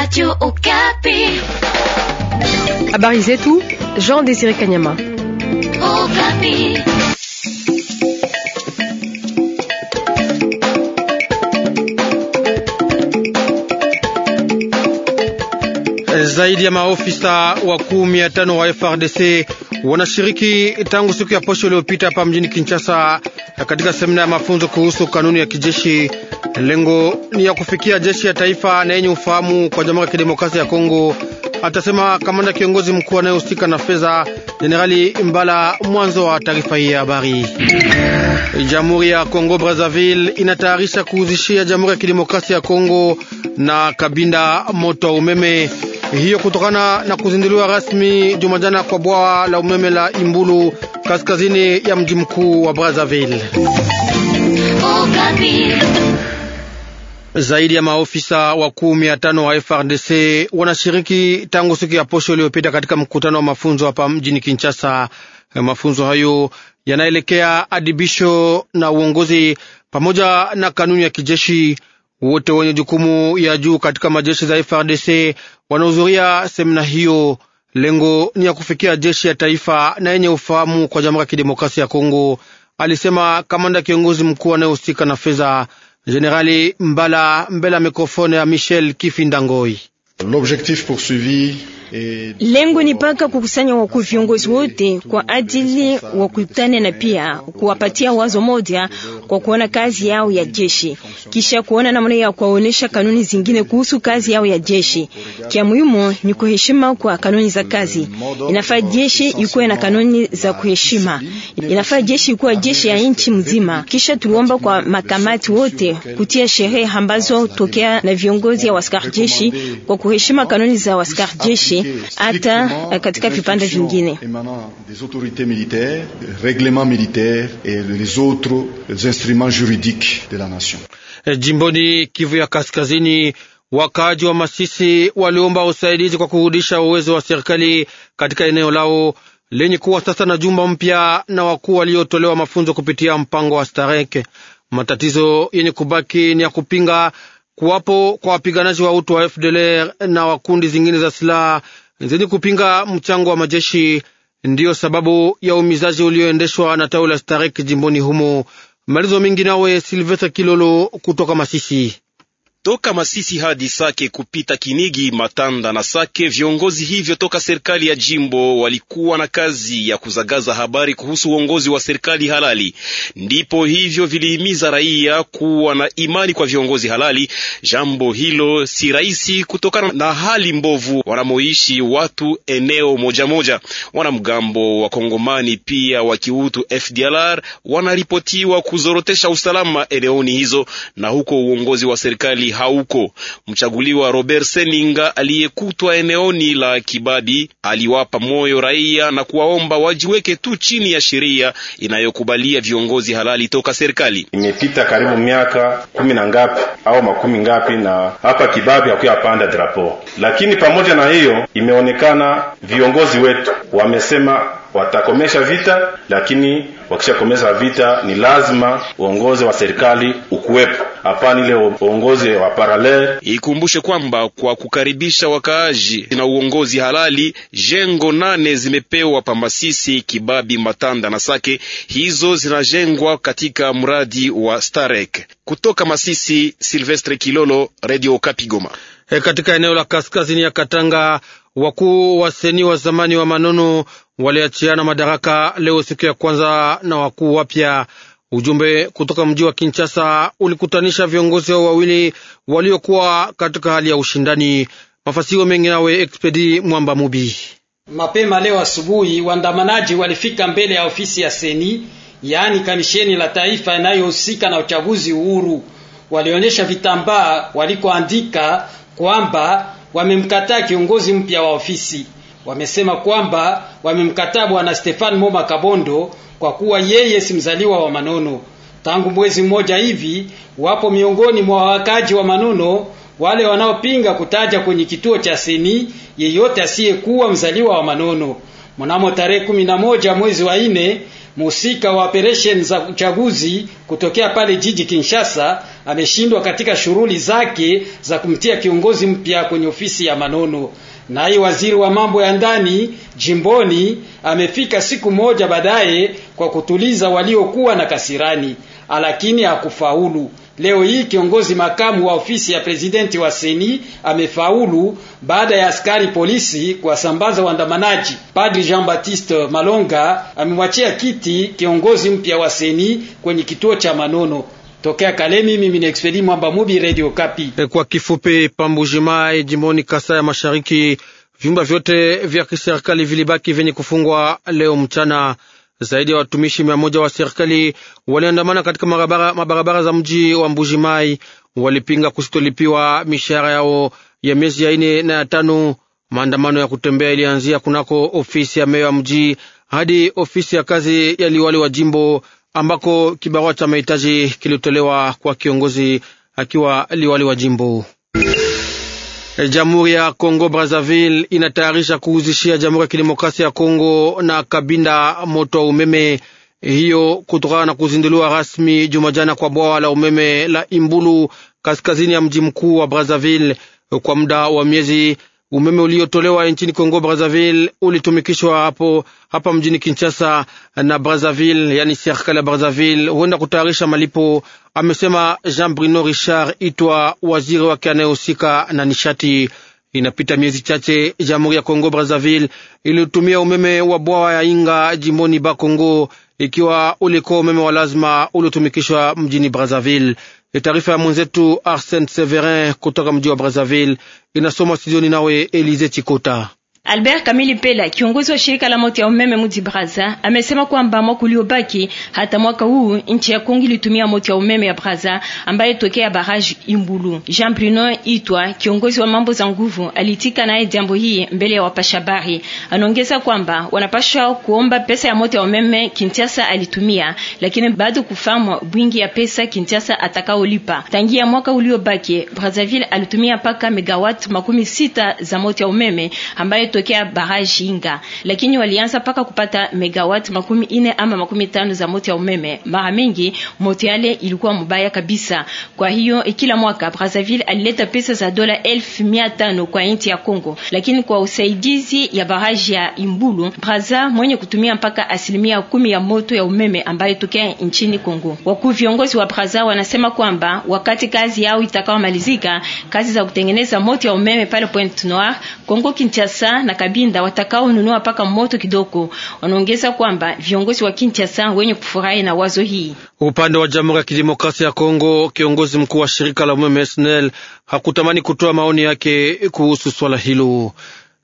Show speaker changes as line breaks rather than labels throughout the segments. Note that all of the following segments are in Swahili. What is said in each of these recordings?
Radio Okapi.
a tout, Jean Désiré Kanyama.
Okapi.
Zaidi ya maofisa wakuu mia tano wa FRDC wanashiriki tangu siku ya posho iliyopita hapa mjini Kinshasa Eh, katika semina ya mafunzo kuhusu kanuni ya kijeshi. Lengo ni ya kufikia jeshi ya taifa na yenye ufahamu kwa Jamhuri ya Kidemokrasia ya Kongo, atasema kamanda kiongozi mkuu anayehusika na fedha Jenerali Mbala mwanzo wa taarifa hii ya habari. Jamhuri ya Kongo Brazzaville inatayarisha kuhuzishia Jamhuri ya Kidemokrasia ya Kongo na Kabinda moto wa umeme hiyo kutokana na kuzinduliwa rasmi Jumajana kwa bwawa la umeme la Imbulu kaskazini ya mji mkuu wa Brazzaville. Zaidi ya maofisa wakuu mia tano wa FRDC wanashiriki tangu siku ya posho iliyopita katika mkutano wa mafunzo hapa mjini Kinshasa. Mafunzo hayo yanaelekea adibisho na uongozi pamoja na kanuni ya kijeshi wote wenye jukumu ya juu katika majeshi za FRDC wanahudhuria semina hiyo. Lengo ni ya kufikia jeshi ya taifa na yenye ufahamu kwa Jamhuri ya Kidemokrasia ya Kongo, alisema kamanda kiongozi mkuu anayehusika na fedha, Generali Mbala, mbele ya mikrofone ya Michel Kifindangoi. L'objectif poursuivi
Lengo ni paka kukusanya waku viongozi wote kwa ajili wakutane na pia kuwapatia wazo moja kwa kuona kazi yao ya jeshi, kisha kuona namna ya kuwaonesha kanuni zingine kuhusu kazi yao ya jeshi. Kia muhimu ni kuheshima kwa kanuni za kazi. Inafaa jeshi ikuwe na kanuni za kuheshima, inafaa jeshi ikuwa jeshi ya nchi mzima. Kisha tuliomba kwa makamati wote kutia sherehe ambazo tokea na viongozi ya waskari jeshi kwa kuheshima kanuni za waskari jeshi hata euh, katika vipande vingine
eh, jimboni Kivu ya Kaskazini. Wakaaji wa Masisi waliomba usaidizi kwa kurudisha uwezo wa serikali katika eneo lao lenye kuwa sasa na jumba mpya na wakuu waliotolewa mafunzo kupitia mpango wa Starek. Matatizo yenye kubaki ni ya kupinga kuwapo kwa wapiganaji wa utu wa FDLR na wakundi zingine za silaha zenye kupinga mchango wa majeshi. Ndiyo sababu ya umizaji ulioendeshwa na tawi la Starek jimboni humo. Malizo mingi nawe Silvestre Kilolo kutoka Masisi
toka Masisi hadi Sake kupita Kinigi, Matanda na Sake. Viongozi hivyo toka serikali ya jimbo walikuwa na kazi ya kuzagaza habari kuhusu uongozi wa serikali halali, ndipo hivyo vilihimiza raia kuwa na imani kwa viongozi halali. Jambo hilo si rahisi kutokana na hali mbovu wanamoishi watu eneo moja moja. Wanamgambo wa Kongomani pia wa kiutu FDLR wanaripotiwa kuzorotesha usalama eneoni hizo na huko uongozi wa serikali hauko. Mchaguliwa Robert Seninga aliyekutwa eneoni la Kibadi aliwapa moyo raia na kuwaomba wajiweke tu chini ya sheria inayokubalia viongozi halali toka serikali. Imepita karibu miaka kumi na ngapi au makumi ngapi, na hapa Kibabi hakuyapanda drapo, lakini pamoja na hiyo imeonekana viongozi wetu wamesema watakomesha vita, lakini wakishakomesha vita ni lazima uongozi wa serikali ukuwepo, hapana ile uongozi wa paralel. Ikumbushe kwamba kwa kukaribisha wakaaji na uongozi halali, jengo nane zimepewa Pamasisi, Kibabi, Matanda na Sake. Hizo zinajengwa katika mradi wa Starek. Kutoka Masisi, Silvestre Kilolo, Radio Kapigoma.
E, katika eneo la kaskazini ya Katanga wakuu wa seni wa zamani wa Manono waliachiana madaraka leo siku ya kwanza na wakuu wapya. Ujumbe kutoka mji wa Kinshasa ulikutanisha viongozi hao wawili waliokuwa katika hali ya ushindani. Mafasio mengi nawe Expedi Mwamba Mubi.
Mapema leo asubuhi, waandamanaji walifika mbele ya ofisi ya Seni, yaani kamisheni la taifa inayohusika na uchaguzi uhuru. Walionyesha vitambaa walikoandika kwamba wamemkataa kiongozi mpya wa ofisi wamesema kwamba wamemkataa bwana Stefan Moma Kabondo kwa kuwa yeye si mzaliwa wa Manono. Tangu mwezi mmoja hivi, wapo miongoni mwa wakaji wa Manono wale wanaopinga kutaja kwenye kituo cha seni yeyote asiyekuwa mzaliwa wa Manono. Mnamo tarehe 11 mwezi wa nne, mhusika wa operesheni za uchaguzi kutokea pale jiji Kinshasa ameshindwa katika shughuli zake za kumtia kiongozi mpya kwenye ofisi ya Manono. Naye waziri wa mambo ya ndani jimboni amefika siku moja baadaye kwa kutuliza waliokuwa na kasirani, lakini hakufaulu. Leo hii kiongozi makamu wa ofisi ya presidenti wa seni amefaulu baada ya askari polisi kuwasambaza waandamanaji. Padri Jean-Baptiste Malonga amemwachia kiti kiongozi mpya wa seni kwenye kituo cha Manono. Tokea Kalemi, mimi ni Expedi Mwamba Mubi, Radio Kapi.
Eh, kwa kifupi, Pambujimai jimboni kasa ya Mashariki, vyumba vyote vya kiserikali vilibaki vyenye kufungwa leo mchana. Zaidi ya watumishi mia moja wa serikali waliandamana katika mabarabara, mabarabara za mji wa Mbujimai. Walipinga kusitolipiwa mishahara yao ya miezi ya ine na ya tano. Maandamano ya kutembea ilianzia kunako ofisi ya meya wa mji hadi ofisi ya kazi ya liwali wa jimbo ambako kibarua cha mahitaji kilitolewa kwa kiongozi akiwa liwali wa jimbo. E, Jamhuri ya Kongo Brazzaville inatayarisha kuuzishia Jamhuri ya Kidemokrasia ya Kongo na Kabinda moto wa umeme, hiyo kutokana na kuzinduliwa rasmi Jumajana kwa bwawa la umeme la Imbulu kaskazini ya mji mkuu wa Brazzaville kwa muda wa miezi Umeme uliotolewa nchini Kongo Brazzaville ulitumikishwa hapo hapa mjini Kinshasa na Brazzaville, yani serikali ya Brazzaville huenda kutayarisha malipo, amesema Jean Bruno Richard Itwa, waziri wake anayehusika na nishati. Inapita miezi chache Jamhuri ya Kongo Brazzaville ilitumia umeme wa bwawa ya Inga jimboni Bakongo, ikiwa ulikuwa umeme wa lazima uliotumikishwa mjini Brazzaville. Taarifa ya mwenzetu Arsen Severin kutoka mji wa Brazzaville inasoma studioni nawe Elize Chikota.
Albert Kamili Pela, kiongozi wa shirika la moto ya umeme mji Braza, amesema kwamba mwaka uliobaki hata mwaka huu nchi ya Kongo ilitumia moto ya umeme ya Braza ambayo tokea baraji Imbulu. Jean Bruno Itwa, kiongozi wa mambo za nguvu, alitika naye jambo hii mbele ya wapashabari. Anaongeza kwamba wanapaswa kuomba pesa ya moto ya umeme Kinshasa alitumia, lakini bado kufamwa bwingi ya pesa Kinshasa atakaolipa. Tangia mwaka uliobaki Brazzaville alitumia paka megawatt makumi sita za moto ya umeme ambayo tokea baraji Inga, lakini walianza paka kupata megawati makumi ine ama makumi tano za moto ya umeme. Mara mingi moto yale ilikuwa mbaya kabisa. Kwa hiyo kila mwaka Brazzaville alileta pesa za dola elfu mia tano kwa nchi ya Kongo, lakini kwa usaidizi ya baraji ya Imbulu Brazza mwenye kutumia mpaka asilimia kumi ya moto ya umeme ambayo tokea nchini Kongo. Wakuu viongozi wa Brazza wanasema kwamba wakati kazi yao itakao malizika, kazi za kutengeneza moto ya umeme pale Pointe Noire Kongo Kinshasa na Kabinda watakaonunua paka moto kidogo. Wanaongeza kwamba viongozi wa Kinshasa wenye kufurahi na wazo hii.
Upande wa Jamhuri ya Kidemokrasia ya Kongo, kiongozi mkuu wa shirika la umeme SNEL hakutamani kutoa maoni yake kuhusu swala hilo.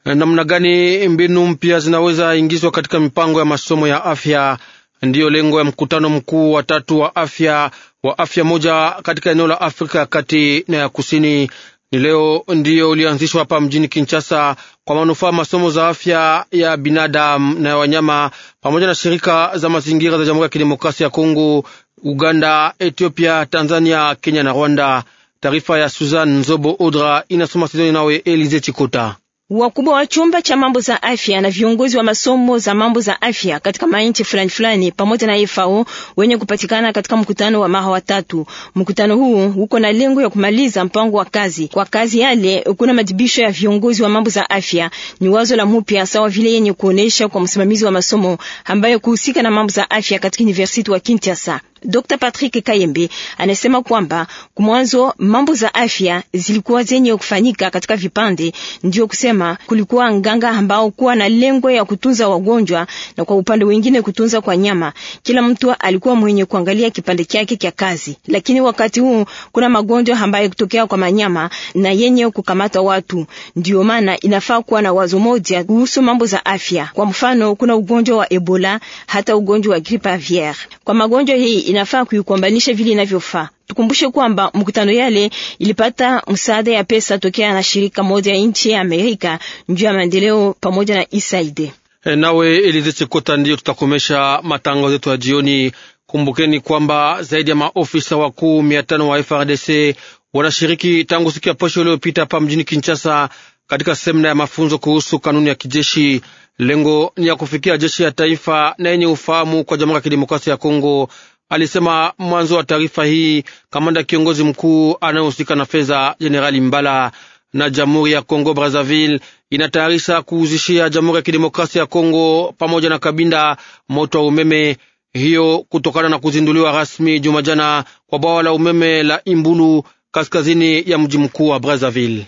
Namna gani mbinu mpya zinaweza ingizwa katika mipango ya masomo ya afya? Ndiyo lengo ya mkutano mkuu wa tatu wa afya wa afya moja katika eneo la Afrika ya kati na ya kusini ni leo ndiyo ulianzishwa hapa mjini Kinshasa kwa manufaa masomo za afya ya binadamu na ya wanyama pamoja na shirika za mazingira za Jamhuri ya Kidemokrasia ya Kongo, Uganda, Ethiopia, Tanzania, Kenya na Rwanda. Taarifa ya Suzan Nzobo Odra inasoma sizoni nawe Elize Chikota.
Wakubwa wa chumba cha mambo za afya na viongozi wa masomo za mambo za afya katika mainchi fulani fulani pamoja na FAO wenye kupatikana katika mkutano wa maha watatu. Mkutano huu uko na lengo ya kumaliza mpango wa kazi. Kwa kazi yale kuna madibisho ya viongozi wa mambo za afya, ni wazo la mupya sawa vile yenye kuonesha kwa msimamizi wa masomo ambaye kuhusika na mambo za afya katika University wa Kinshasa. Dr. Patrick Kayembe anasema kwamba kumwanzo mambo za afya zilikuwa zenye kufanyika katika vipande, ndio kusema kulikuwa nganga ambao kuwa na lengo ya kutunza wagonjwa na kwa upande wengine kutunza kwa nyama. Kila mtu alikuwa mwenye kuangalia kipande chake kia kazi, lakini wakati huu kuna magonjwa ambayo kutokea kwa manyama na yenye kukamata watu, ndio maana inafaa kuwa na wazo moja kuhusu mambo za afya. Kwa mfano, kuna ugonjwa wa Ebola hata ugonjwa wa grippe aviaire. Kwa magonjwa hii inafaa kuikumbanisha vile inavyofaa. Tukumbushe kwamba mkutano yale ilipata msaada ya pesa tokea na shirika moja nchi ya Amerika njuu ya maendeleo pamoja na USAID.
Eh, nawe Elize Chikota, ndiyo tutakomesha matangazo yetu ya jioni. Kumbukeni kwamba zaidi ya maofisa wakuu mia tano wa FRDC wanashiriki tangu siku ya posho iliyopita hapa mjini Kinshasa katika semina ya mafunzo kuhusu kanuni ya kijeshi. Lengo ni ya kufikia jeshi ya taifa na yenye ufahamu kwa Jamhuri ya Kidemokrasia ya Kongo alisema mwanzo wa taarifa hii kamanda kiongozi mkuu anayehusika na fedha Jenerali Mbala. Na jamhuri ya Kongo Brazzaville inatayarisha kuuzishia Jamhuri ya Kidemokrasia ya Kongo pamoja na Kabinda moto wa umeme, hiyo kutokana na kuzinduliwa rasmi Jumajana kwa bwawa la umeme la Imbulu kaskazini ya mji mkuu wa Brazzaville.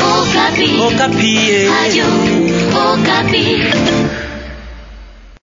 Okapi. Okapi. Eh.